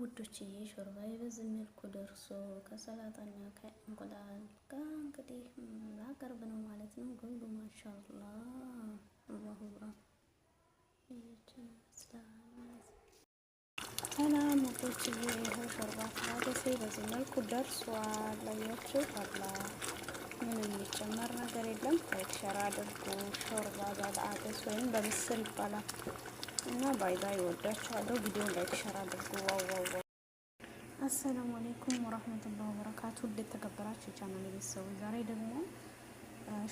ውዶችዬ ሾርባ በዚህ መልኩ ደርሶ ከሰላጣና ከእንቁላል ጋር እንግዲህ ላቀርብ ነው ማለት ነው። ጎንዶ ማሻአላ ውዶችዬ፣ ሾርባ ፍላጎሴ በዚህ መልኩ ደርሷል። ላያችሁ አላ ምን የሚጨመር ነገር የለም። ላይክ አድርጎ ሾርባ ሾርባ ባለአደስ ወይም በምስር ይባላል። እና ባይ ባይ። እወዳችኋለሁ። ቪዲዮን ላይክ ሸር አድርጉ። ዋው ዋው ዋው አሰላሙ አሌይኩም ወራህመቱላሂ ወበረካቱ። እንደተከበራችሁ የቻናል ቤተሰቦች ዛሬ ደግሞ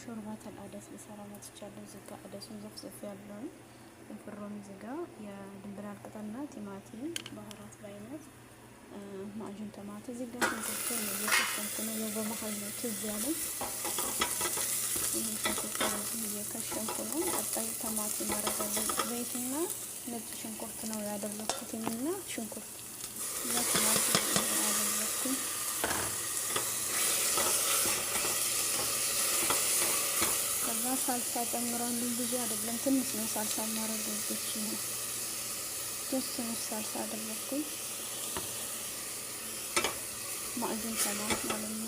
ሾርባ አደስ ልሰራ መጥቻለሁ። ዝጋ አደሱን ዘፍዘፍ ያለው ፍሮም ዝጋ የድንብላል ቅጠልና ቲማቲም ባህራት በአይነት ማጅን ተማተ ዝጋ ተንተርተን ነው እየተሰንኩ ነው። በመሀል ነው ትዝ ያለኝ ቲማቲ እናደርጋለን። ዘይትና ነጭ ሽንኩርት ነው ያደረኩት እና ሽንኩርት እዛ ከዛ ሳልሳ ጨምራለሁ። ብዙ አይደለም ትንሽ ነው ሳልሳ ማረግ ወጆች ነው ተወሰኑ ሳልሳ አደረኩኝ። ማዕዘን ሰላም ማለት ነው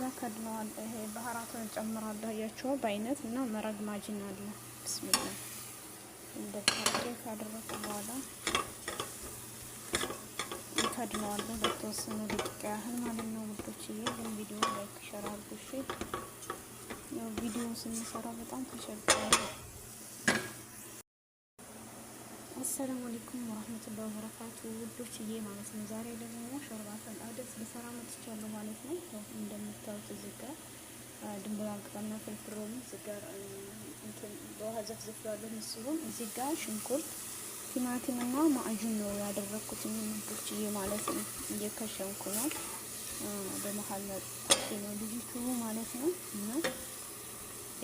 ከዛ ከድነዋል። ይሄ ባህራቱን እጨምራለሁ። እያቸው በአይነት እና መረግ ማጅን አለ። ብስሚላ እንደ እንደታርጌ ካደረኩ በኋላ ከድነዋለሁ ለተወሰኑ ደቂቃ ያህል ማለት ነው ውዶች። ይሄ ግን ቪዲዮ ላይ ተሸራርጉሽ ቪዲዮ ስንሰራ በጣም ተሸርጓል። አሰላሙ አለይኩም ወራህመቱላሂ ወበረካቱ ውዶችዬ ማለት ነው። ዛሬ ደግሞ ሾርባተል አደስ ልሰራ መጥቻለሁ ማለት ነው። እንደምታዩት እዚህ ጋር ድንብላ ቅጠልና ፍልፍሮም እዚህ ጋር እንትን በውሃ ዘፍዘፍላለሁ። ምስሉን እዚህ ጋር ሽንኩርት፣ ቲማቲም እና ማዕጁን ነው ያደረኩት ውዶችዬ ማለት ነው። እየከሸንኩ ነው በመሀል ነው ልጅቱ ማለት ነው። እና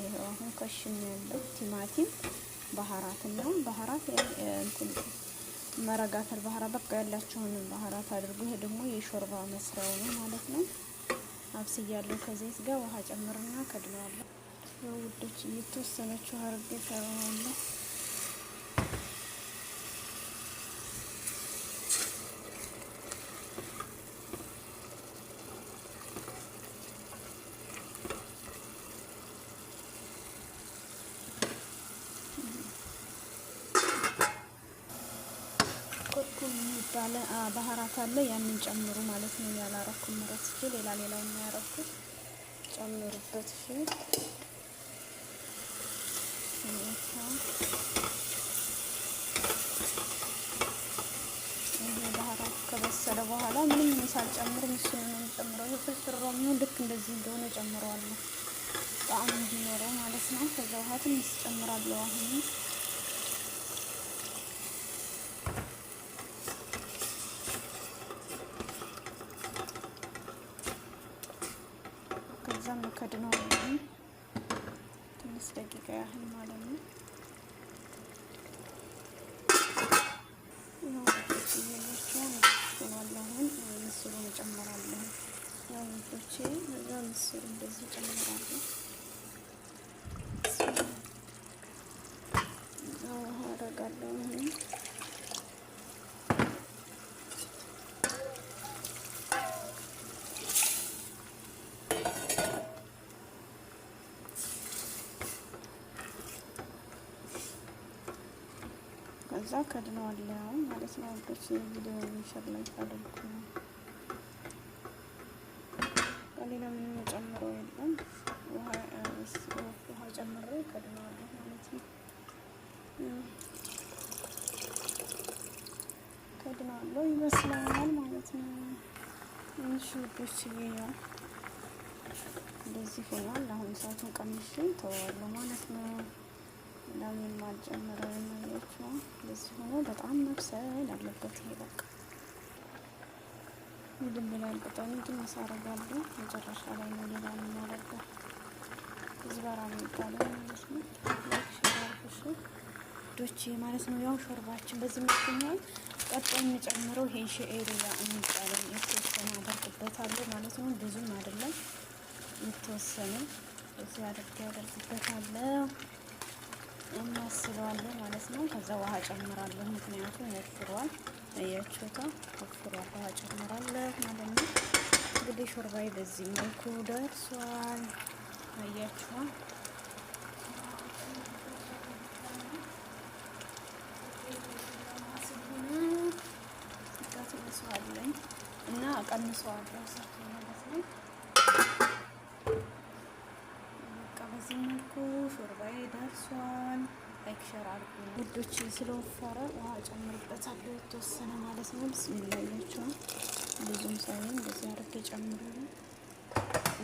ይሄ አሁን ከሽን ያለው ቲማቲም ባህራት ነው። ባህራት መረጋተል ባህራ በቃ ያላችሁን ባህራት አድርጉ። ይሄ ደግሞ የሾርባ መስሪያው ነው ማለት ነው። አብስያለሁ ከዘይት ጋር ውሃ ጨምርና ከድነዋለሁ። ውዶች እየተወሰነችው አርጌ ተባለ ኩል የሚባለ ባህራት አለ። ያንን ጨምሩ ማለት ነው። ያላረኩም ረስቼ ሌላ ሌላ የሚያረኩ ጨምሩበት። እሺ ከበሰለ በኋላ ምንም ሳልጨምር ምስሉ ነው የሚጨምረው። ይህ ፍርፍር ልክ እንደዚህ እንደሆነ ጨምረዋለሁ፣ ጣዕም እንዲኖረው ማለት ነው። ከዛ ውሃ ትንሽ ጨምራለሁ አሁን ከዛ ከድነዋለው ማለት ነው። ወዶች ቪዲዮ ሸር ላይ አድርጉ። ሌላ ምንም የጨምረው የለም። ውሃ ጨምሬ ከድነዋለሁ ማለት ነው። ከድነዋለው ይመስለኛል ማለት ነው። እንሽ ውዶች ያው እንደዚህ ሆኗል። አሁን ሰዓቱን ቀንሼ ተወዋለሁ ማለት ነው። ለምን ማጨምረው የማለችው መብሰል አለበት። ይሄ በቃ ምድም ብላል። ቅጠሉ ትንሽ አረጋለሁ መጨረሻ ላይ ነው ሌላ የምናደርገው ዝበራ ነው የሚባለው ማለት ነው። ሽራርሽ ዶች ማለት ነው። ያው ሾርባችን በዚህ ምክኛል። ቀጣይ የሚጨምረው ይሄን ሸኤሪያ የሚባለው የተወሰነ አደርግበታለሁ ማለት ነው። ብዙም አይደለም የተወሰነ እዚህ አድርጌ ያደርግበታለሁ። እናስለዋለሁ ማለት ነው። ከዛ ውሃ ጨምራለሁ፣ ምክንያቱም ወፍሯል። እያችሁታ ወፍሯል። ውሃ ጨምራለሁ ማለት ነው። እንግዲህ ሾርባዬ በዚህ መልኩ ደርሷል። አያችኋል እና ቀንሰዋለሁ ውዶች ስለወፈረ ውሃ ጨምርበታለሁ የተወሰነ ማለት ነው። ብስሚላያቸውን ብዙም ሳይሆን እንደዚህ አድርጌ ጨምራለሁ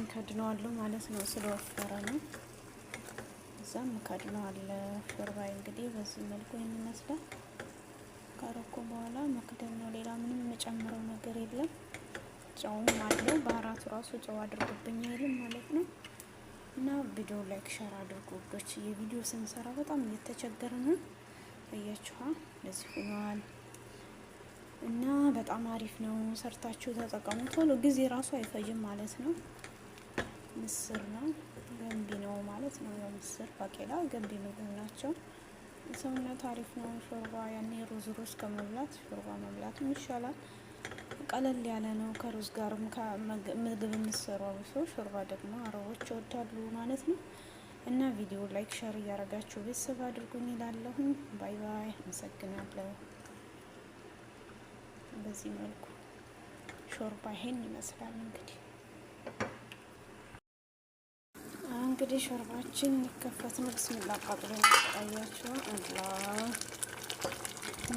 እንከድነዋለሁ ማለት ነው። ስለወፈረ ነው። እዛም እንከድነዋለሁ። ሾርባይ እንግዲህ በዚህ መልኩ ይመስላል። ካረኮ በኋላ መክደን ነው። ሌላ ምንም የምጨምረው ነገር የለም። ጨውም አለው በአራቱ ራሱ ጨው አድርጎብኝ አይልም ማለት ነው። እና ቪዲዮ ላይክ ሸር አድርጉ ውዶች። የቪዲዮ ስንሰራ በጣም እየተቸገረ ነው። አያችኋ እንደዚህ ሆነዋል እና በጣም አሪፍ ነው። ሰርታችሁ ተጠቀሙ። ቶሎ ጊዜ ራሱ አይፈጅም ማለት ነው። ምስር ነው ገንቢ ነው ማለት ነው። ምስር፣ ባቄላ ገንቢ ምግብ ናቸው። ሰውነት አሪፍ ነው። ሾርባ ያኔ ሩዝ ሩዝ ከመብላት ሾርባ መብላት ይሻላል። ቀለል ያለ ነው። ከሩዝ ጋር ምግብ የምትሰሩ ሰው ሾርባ ደግሞ አረቦች ይወዳሉ ማለት ነው። እና ቪዲዮ ላይክ፣ ሸር እያደረጋችሁ ቤተሰብ አድርጉኝ ይላለሁኝ። ባይ ባይ። አመሰግናለሁ። በዚህ መልኩ ሾርባ ይሄን ይመስላል እንግዲህ እንግዲህ ሾርባችን ሊከፈት ነው። ብስሚላ ቃጥሎ ያሳያችሁ። አላህ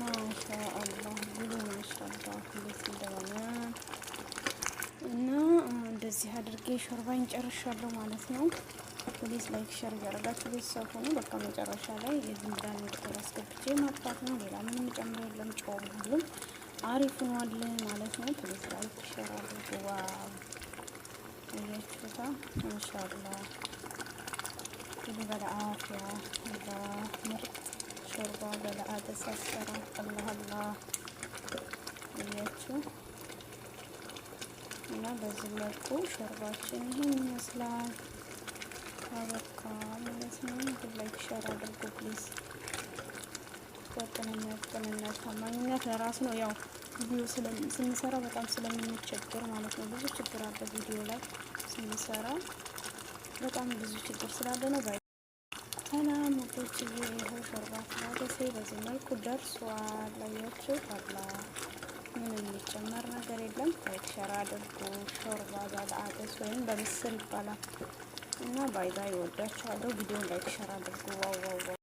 ማሻ አላህ ብሎ ማሻ እንዴት እንደሆነ እና እንደዚህ አድርጌ ሾርባን ጨርሻለሁ ማለት ነው። ፕሊዝ ላይክ ሸር እያደረጋችሁ ቤተሰብ ሆኑ። በቃ መጨረሻ ላይ የዝንዳን ቁጥር አስገብቼ ማጥፋት ነው። ሌላ ምንም ጨምሮ የለም። ጨው ሁሉም አሪፍ ሆኗል ማለት ነው። ፕሊዝ ላይክ ሸር አድርጉ። ዋው እያችሁታ እንሻላ ይበላ አፍያ ምርጥ ሾርባ አላህ አላህ እያችሁ እና በዚህ መልኩ ሾርባችን ይህን ይመስላል። አበቃ ማለት ነው። ምግብ ላይክ ሸር አድርጉ ፕሊዝ። ወጥነን ወጥነን ታማኝነት ለራስ ነው። ያው ቪዲዮ ስንሰራ በጣም ስለምንቸግር ማለት ነው። ብዙ ችግር አለ ቪዲዮ ላይ ስንሰራ በጣም ብዙ ችግር ስላለ ነው። ባይ ሰላም ወጦች ይኸው ሾርባ ስላደሴ በዚህ መልኩ ደርሷል። አያችሁ አላ ምን የሚጨመር ነገር የለም። ላይክ ሸር አድርጉ። ሾርባ ባለ አደስ ወይም በምስር ይባላል። እና ባይ ባይ። ወዳችኋለሁ። ቪዲዮ ላይክ ሸር አድርጉ። ዋው ዋው ዋው